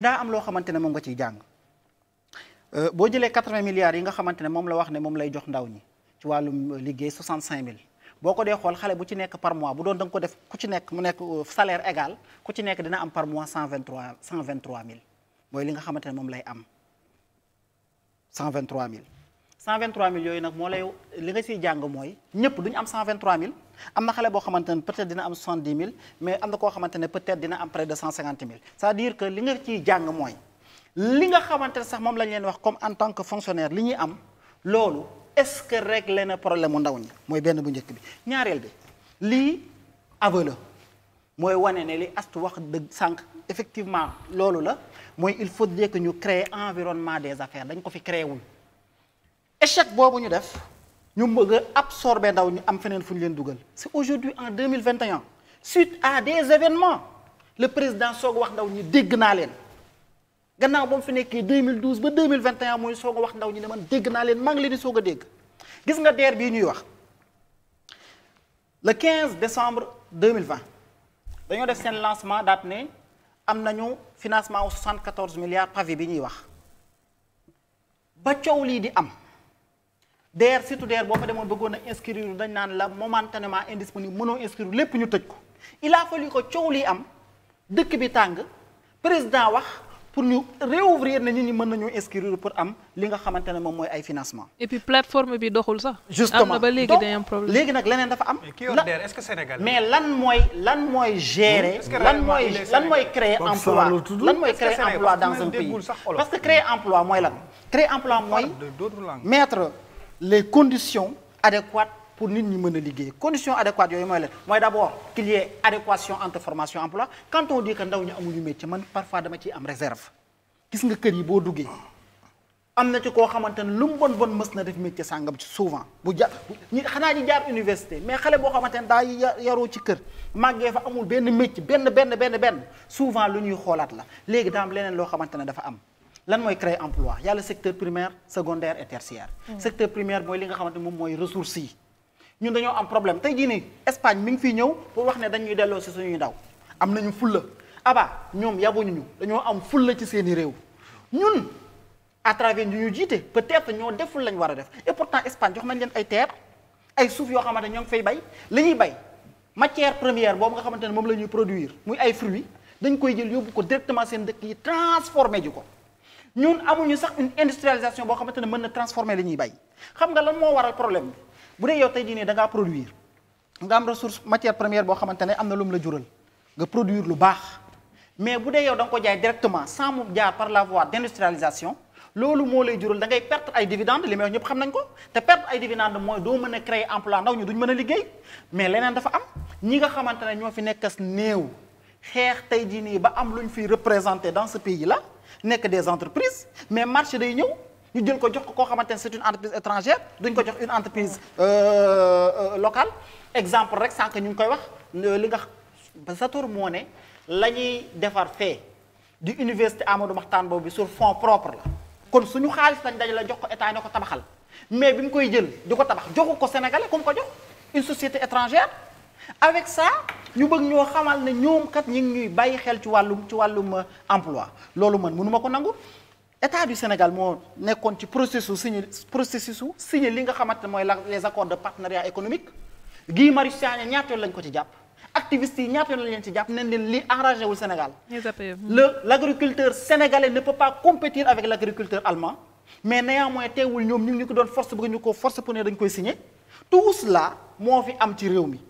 daa am loo xamante ne moom nga ciy jàng euh, boo jëlee quatre-vingts milliards yi nga xamante ne moom la wax ne moom lay jox ndaw ñi ci wàllu liggéey soixante-cinq mille boo ko dee xool xale bu ci nekk par mois bu doon da ko def ku ci nekk mu nekk euh, salaire égal ku ci nekk dina am par mois cent vingt cent vingt mille mooy li nga xamante ne moom lay am cent vingt 123000 yooyu nag moo lay li nga siy jàng mooy ñëpp du ñu am mille am na xale boo xamante ne peut-être dina am 70000 mais am na koo xamante ne peut-être dina am près de 150000 c'est-à-dire que li nga ciy jàng mooy li nga xamante ne sax moom lañ leen wax comme en tant que fonctionnaire li ñuy am loolu est-ce que réglé na problème mu ndaw ñi mooy benn bu njëkk bi ñaareel bi lii aveu mooy wane ne li astu wax dëgg sànq effectivement loolu la mooy il faut que ñu créer environnement des affaires dañ ko fi créé wul. échec boobu ñu def ñu bëgg a absorber ndaw ñu am feneen fu ñu leen dugal c'est aujourd'hui en 2021 suite à des événements le président soog wax ndaw ñi dégg naa leen gannaaw ba mu fi nekkee 2012 ba 2021 mooy soog a wax ndaw ñi ne man dégg naa leen maa ngi leen di soog a dégg gis nga DER bii ñuy wax le 15 décembre 2020 dañoo def seen lancement daat ne am nañu financement wu 74 milliards pavé bi ñuy wax ba coow lii di am DER surtout DER boo fa demoon bëggoon a dañ naan la momentanément indisponible mënoo inscrire lépp ñu tëj ko il a fallu ko coow li am dëkk bi tàng président wax pour ñu réouvrir na nit ñi mën nañoo inscrire pour am li nga xamante ne moom mooy ay financement et puis plateforme bi doxul sax. justement am na ba léegi day am problème léegi nag leneen dafa am. mais qui yor DER mais lan mooy lan mooy gérer. lan mooy lan mooy créer emploi lan mooy créer emploi dans un pays. parce que créer emploi mooy lan. créer emploi mooy mettre. les conditions adéquates pour nit ñi mën a liggéey condition adéquates yooyu mooy leen mooy d' abord qu'il y ait entre formation emploi quand on dit que ndaw ñu amuñu métier man parfois dama ciy am réserve gis nga kër yi boo duggee am na ci koo xamante ne lu mu bon bon mës na def métier sàngam ci souvent bu ja ñi xanaa ñu jaar université mais xale boo xamante ne daa yaroo ci kër màggee fa amul benn métier benn benn benn benn souvent lu ñuy xoolaat la léegi daa leneen loo xamante ne dafa am lan mooy créer emploi yàlla a secteur primaire secondaire et tertiaire. Hmm. secteur primaire mooy li nga xamante moom mooy ressources yi. ñun dañoo am problème tey jii nii Espagne mi ngi fiy ñëw pour wax ne dañuy delloo si suñuy ndaw am nañu fulla aba ñoom yabuñu ñu dañoo am fulla ci seeni réew ñun à travers ñu ñu jiite peut-être ñoo deful lañ war a def et pourtant Espagne jox nañ leen ay terre ay suuf yoo xamante ñoo ngi fay bay li ñuy bay matière première boobu nga xamante ne moom la ñuy produire muy ay fruits dañ koy jël yóbbu ko directement seen dëkk yi transformé ji ko ñun amuñu sax une industrialisation boo xamante ne mën na transformer li ñuy bay xam nga lan moo waral problème bi bu dee yow tey jii ne da ngaa produire nga am ressource matière première boo xamante ne am na lu la jural nga produire lu baax mais bu dee yow da ko jaay directement samu mu jaar par la voie d' loolu moo lay jural da ngay perte ay dividende li may ñëpp xam nañ ko te perte ay dividende mooy doo mën a créer emploi ndaw ñu duñ mën a liggéey mais leneen dafa am ñi nga xamante ne ñoo fi nekkas néew xeex tey jii nii ba am lu ñu fiy représenté dans ce pays là. nekk des entreprises mais marché day ñëw ñu jël ko jox ko koo xamante ne c'est une entreprise étrangère duñ ko jox une entreprise euh, euh, local exemple rek sànq ñu ngi koy wax euh, li nga Sator moo ne la ñuy defar fee di université Amadou Mahtar boobu sur fonds propres la kon suñu xaalis lañ daj la jox ko état ne ko tabaxal mais bi mu koy jël du ko tabax joxu ko sénégalais kom ko jox une société étrangère avec ça ñu bëgg ñoo xamal ne ñoom kat ñu ngi ñuy bàyyi xel ci wàllum ci wàllum euh, emploi loolu man mënu ma ko nangu état du Sénégal moo nekkoon ci processus signé processus signé li nga xamante ne mooy la les accords de partenariat économique Guy Marius Sagna ñaata lañ ko ci jàpp activistes yi ñaata yoon lañ leen ci jàpp nañ leen li enragé wul Sénégal e, hmm. le l' agriculteur sénégalais ne peut pas compétir avec l' agriculteur allemand mais néanmoins teewul ñoom ñu ngi ñu ko doon force bëgg ñu ko force pour ne dañ koy signé tout cela moo fi am ci réew mi